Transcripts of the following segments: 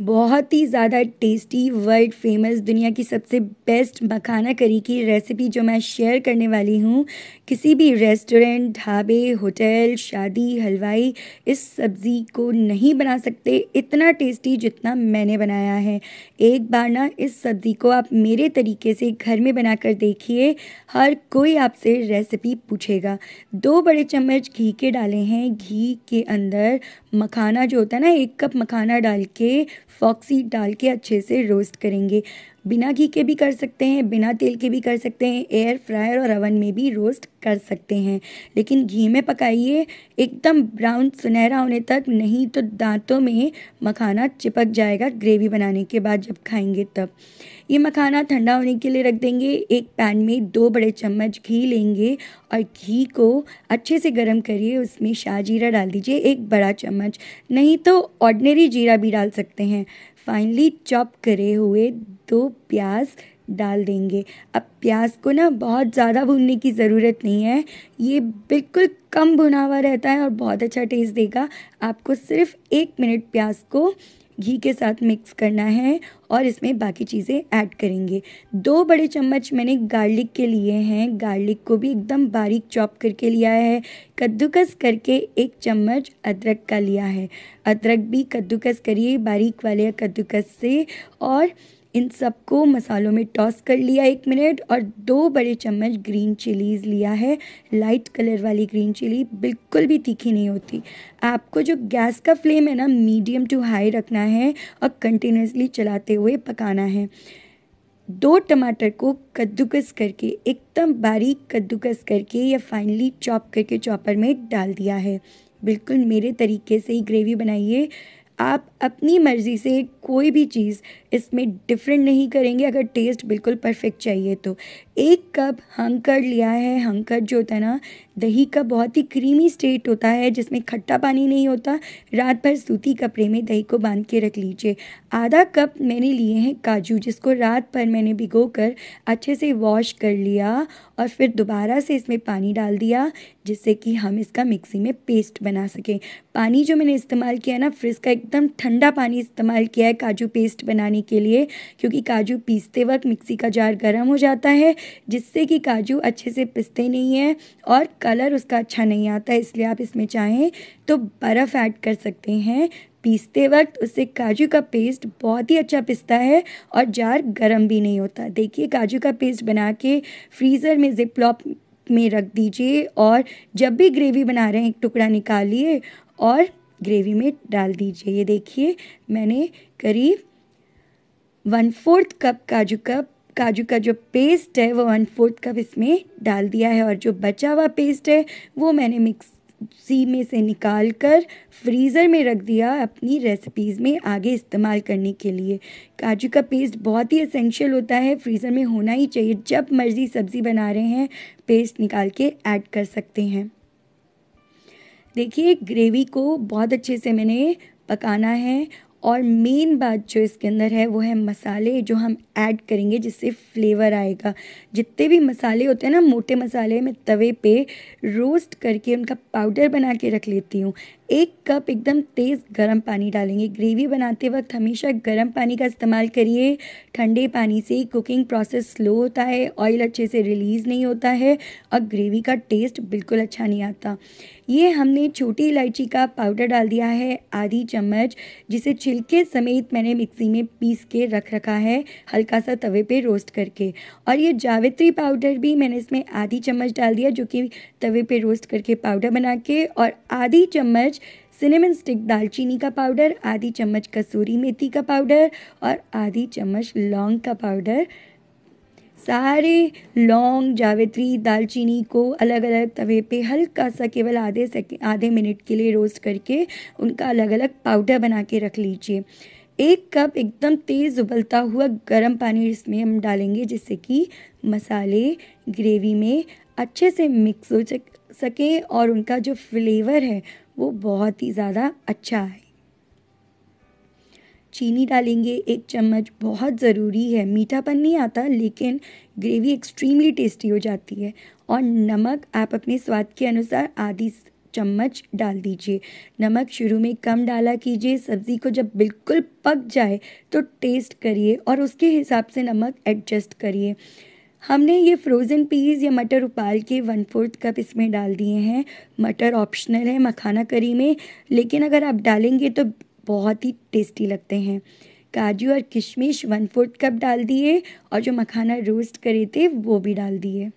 बहुत ही ज़्यादा टेस्टी वर्ल्ड फेमस दुनिया की सबसे बेस्ट मखाना करी की रेसिपी जो मैं शेयर करने वाली हूँ किसी भी रेस्टोरेंट ढाबे होटल शादी हलवाई इस सब्ज़ी को नहीं बना सकते इतना टेस्टी जितना मैंने बनाया है एक बार ना इस सब्ज़ी को आप मेरे तरीके से घर में बना कर देखिए हर कोई आपसे रेसिपी पूछेगा दो बड़े चम्मच घी के डाले हैं घी के अंदर मखाना जो होता है ना एक कप मखाना डाल के फॉक्सी डाल के अच्छे से रोस्ट करेंगे बिना घी के भी कर सकते हैं बिना तेल के भी कर सकते हैं एयर फ्रायर और अवन में भी रोस्ट कर सकते हैं लेकिन घी में पकाइए एकदम ब्राउन सुनहरा होने तक नहीं तो दांतों में मखाना चिपक जाएगा ग्रेवी बनाने के बाद जब खाएंगे तब ये मखाना ठंडा होने के लिए रख देंगे एक पैन में दो बड़े चम्मच घी लेंगे और घी को अच्छे से गर्म करिए उसमें शाह जीरा डाल दीजिए एक बड़ा चम्मच नहीं तो ऑर्डनरी जीरा भी डाल सकते हैं फाइनली चॉप करे हुए तो प्याज डाल देंगे अब प्याज को ना बहुत ज़्यादा भूनने की ज़रूरत नहीं है ये बिल्कुल कम भुना हुआ रहता है और बहुत अच्छा टेस्ट देगा आपको सिर्फ एक मिनट प्याज को घी के साथ मिक्स करना है और इसमें बाकी चीज़ें ऐड करेंगे दो बड़े चम्मच मैंने गार्लिक के लिए हैं गार्लिक को भी एकदम बारीक चॉप करके लिया है कद्दूकस करके एक चम्मच अदरक का लिया है अदरक भी कद्दूकस करिए बारीक वाले कद्दूकस से और इन सबको मसालों में टॉस कर लिया एक मिनट और दो बड़े चम्मच ग्रीन चिलीज़ लिया है लाइट कलर वाली ग्रीन चिली बिल्कुल भी तीखी नहीं होती आपको जो गैस का फ्लेम है ना मीडियम टू हाई रखना है और कंटिन्यूसली चलाते हुए पकाना है दो टमाटर को कद्दूकस करके एकदम बारीक कद्दूकस करके या फाइनली चॉप करके चॉपर में डाल दिया है बिल्कुल मेरे तरीके से ही ग्रेवी बनाइए आप अपनी मर्ज़ी से कोई भी चीज़ इसमें डिफ़रेंट नहीं करेंगे अगर टेस्ट बिल्कुल परफेक्ट चाहिए तो एक कप हंकड़ लिया है हंकड़ जो होता है ना दही का बहुत ही क्रीमी स्टेट होता है जिसमें खट्टा पानी नहीं होता रात भर सूती कपड़े में दही को बांध के रख लीजिए आधा कप मैंने लिए हैं काजू जिसको रात भर मैंने भिगो कर अच्छे से वॉश कर लिया और फिर दोबारा से इसमें पानी डाल दिया जिससे कि हम इसका मिक्सी में पेस्ट बना सकें पानी जो मैंने इस्तेमाल किया ना फ्रिज का एकदम ठंडा पानी इस्तेमाल किया है काजू पेस्ट बनाने के लिए क्योंकि काजू पीसते वक्त मिक्सी का जार गर्म हो जाता है जिससे कि काजू अच्छे से पिसते नहीं हैं और कलर उसका अच्छा नहीं आता इसलिए आप इसमें चाहें तो बर्फ़ ऐड कर सकते हैं पीसते वक्त उससे काजू का पेस्ट बहुत ही अच्छा पिसता है और जार गर्म भी नहीं होता देखिए काजू का पेस्ट बना के फ्रीज़र में लॉप में रख दीजिए और जब भी ग्रेवी बना रहे हैं एक टुकड़ा निकालिए और ग्रेवी में डाल दीजिए ये देखिए मैंने करीब वन फोर्थ कप काजू का काजू का जो पेस्ट है वो वन फोर्थ कप इसमें डाल दिया है और जो बचा हुआ पेस्ट है वो मैंने मिक्स सी में से निकाल कर फ्रीज़र में रख दिया अपनी रेसिपीज़ में आगे इस्तेमाल करने के लिए काजू का पेस्ट बहुत ही असेंशियल होता है फ्रीज़र में होना ही चाहिए जब मर्ज़ी सब्ज़ी बना रहे हैं पेस्ट निकाल के ऐड कर सकते हैं देखिए ग्रेवी को बहुत अच्छे से मैंने पकाना है और मेन बात जो इसके अंदर है वो है मसाले जो हम ऐड करेंगे जिससे फ्लेवर आएगा जितने भी मसाले होते हैं ना मोटे मसाले मैं तवे पे रोस्ट करके उनका पाउडर बना के रख लेती हूँ एक कप एकदम तेज़ गर्म पानी डालेंगे ग्रेवी बनाते वक्त हमेशा गर्म पानी का इस्तेमाल करिए ठंडे पानी से कुकिंग प्रोसेस स्लो होता है ऑयल अच्छे से रिलीज़ नहीं होता है और ग्रेवी का टेस्ट बिल्कुल अच्छा नहीं आता ये हमने छोटी इलायची का पाउडर डाल दिया है आधी चम्मच जिसे छिलके समेत मैंने मिक्सी में पीस के रख रखा है हल्का सा तवे पे रोस्ट करके और ये जावित्री पाउडर भी मैंने इसमें आधी चम्मच डाल दिया जो कि तवे पे रोस्ट करके पाउडर बना के और आधी चम्मच सिनेमन स्टिक दालचीनी का पाउडर आधी चम्मच कसूरी मेथी का पाउडर और आधी चम्मच लौंग का पाउडर सारे लौंग जावित्री दालचीनी को अलग अलग तवे पे हल्का सा केवल आधे सेकेंड आधे मिनट के लिए रोस्ट करके उनका अलग अलग पाउडर बना के रख लीजिए एक कप एकदम तेज़ उबलता हुआ गर्म पानी इसमें हम डालेंगे जिससे कि मसाले ग्रेवी में अच्छे से मिक्स हो सके और उनका जो फ्लेवर है वो बहुत ही ज़्यादा अच्छा है चीनी डालेंगे एक चम्मच बहुत ज़रूरी है मीठापन नहीं आता लेकिन ग्रेवी एक्सट्रीमली टेस्टी हो जाती है और नमक आप अपने स्वाद के अनुसार आधी चम्मच डाल दीजिए नमक शुरू में कम डाला कीजिए सब्ज़ी को जब बिल्कुल पक जाए तो टेस्ट करिए और उसके हिसाब से नमक एडजस्ट करिए हमने ये फ्रोज़न पीस या मटर उबाल के वन फोर्थ कप इसमें डाल दिए हैं मटर ऑप्शनल है मखाना करी में लेकिन अगर आप डालेंगे तो बहुत ही टेस्टी लगते हैं काजू और किशमिश वन फोर्थ कप डाल दिए और जो मखाना रोस्ट करे थे वो भी डाल दिए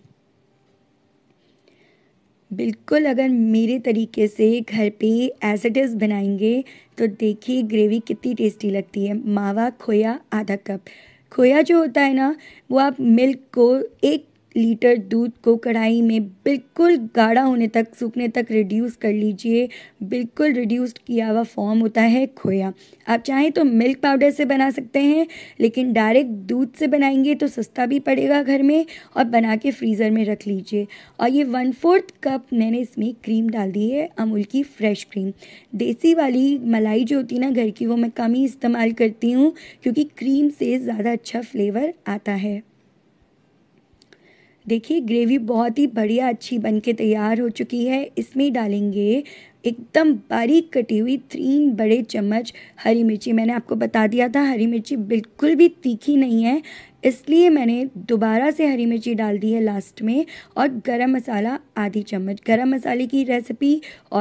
बिल्कुल अगर मेरे तरीके से घर पे एज इट इज़ बनाएंगे तो देखिए ग्रेवी कितनी टेस्टी लगती है मावा खोया आधा कप खोया जो होता है ना वो आप मिल्क को एक लीटर दूध को कढ़ाई में बिल्कुल गाढ़ा होने तक सूखने तक रिड्यूस कर लीजिए बिल्कुल रिड्यूस्ड किया हुआ फॉर्म होता है खोया आप चाहें तो मिल्क पाउडर से बना सकते हैं लेकिन डायरेक्ट दूध से बनाएंगे तो सस्ता भी पड़ेगा घर में और बना के फ्रीज़र में रख लीजिए और ये वन फोर्थ कप मैंने इसमें क्रीम डाल दी है अमूल की फ्रेश क्रीम देसी वाली मलाई जो होती है ना घर की वो मैं कम ही इस्तेमाल करती हूँ क्योंकि क्रीम से ज़्यादा अच्छा फ्लेवर आता है देखिए ग्रेवी बहुत ही बढ़िया अच्छी बन के तैयार हो चुकी है इसमें डालेंगे एकदम बारीक कटी हुई तीन बड़े चम्मच हरी मिर्ची मैंने आपको बता दिया था हरी मिर्ची बिल्कुल भी तीखी नहीं है इसलिए मैंने दोबारा से हरी मिर्ची डाल दी है लास्ट में और गरम मसाला आधी चम्मच गरम मसाले की रेसिपी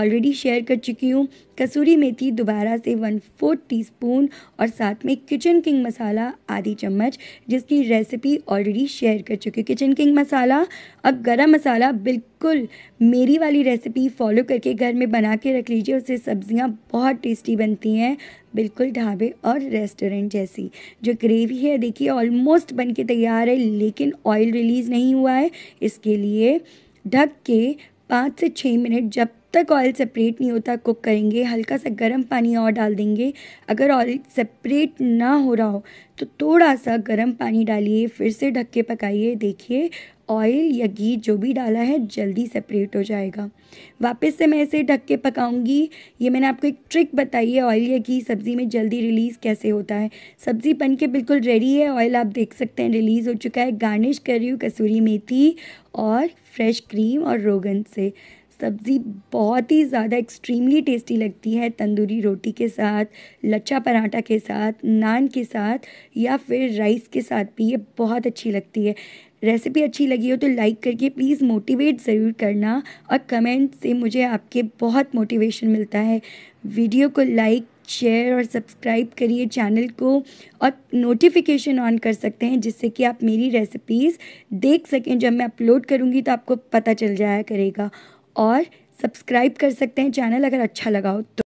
ऑलरेडी शेयर कर चुकी हूँ कसूरी मेथी दोबारा से वन फोर्थ टी स्पून और साथ में किचन किंग मसाला आधी चम्मच जिसकी रेसिपी ऑलरेडी शेयर कर चुकी हूँ किचन किंग मसाला अब गरम मसाला बिल्कुल बिल्कुल मेरी वाली रेसिपी फॉलो करके घर में बना के रख लीजिए उससे सब्जियां बहुत टेस्टी बनती हैं बिल्कुल ढाबे और रेस्टोरेंट जैसी जो ग्रेवी है देखिए ऑलमोस्ट बन के तैयार है लेकिन ऑयल रिलीज़ नहीं हुआ है इसके लिए ढक के पाँच से छः मिनट जब तक ऑयल सेपरेट नहीं होता कुक करेंगे हल्का सा गर्म पानी और डाल देंगे अगर ऑयल सेपरेट ना हो रहा हो तो थोड़ा सा गर्म पानी डालिए फिर से ढक के पकाइए देखिए ऑयल या घी जो भी डाला है जल्दी सेपरेट हो जाएगा वापस से मैं इसे ढक के पकाऊंगी ये मैंने आपको एक ट्रिक बताई है ऑयल या घी सब्ज़ी में जल्दी रिलीज़ कैसे होता है सब्ज़ी बन के बिल्कुल रेडी है ऑयल आप देख सकते हैं रिलीज़ हो चुका है गार्निश कर रही हूँ कसूरी मेथी और फ्रेश क्रीम और रोगन से सब्ज़ी बहुत ही ज़्यादा एक्सट्रीमली टेस्टी लगती है तंदूरी रोटी के साथ लच्छा पराठा के साथ नान के साथ या फिर राइस के साथ भी ये बहुत अच्छी लगती है रेसिपी अच्छी लगी हो तो लाइक करके प्लीज़ मोटिवेट ज़रूर करना और कमेंट से मुझे आपके बहुत मोटिवेशन मिलता है वीडियो को लाइक शेयर और सब्सक्राइब करिए चैनल को और नोटिफिकेशन ऑन कर सकते हैं जिससे कि आप मेरी रेसिपीज़ देख सकें जब मैं अपलोड करूँगी तो आपको पता चल जाया करेगा और सब्सक्राइब कर सकते हैं चैनल अगर अच्छा लगा हो तो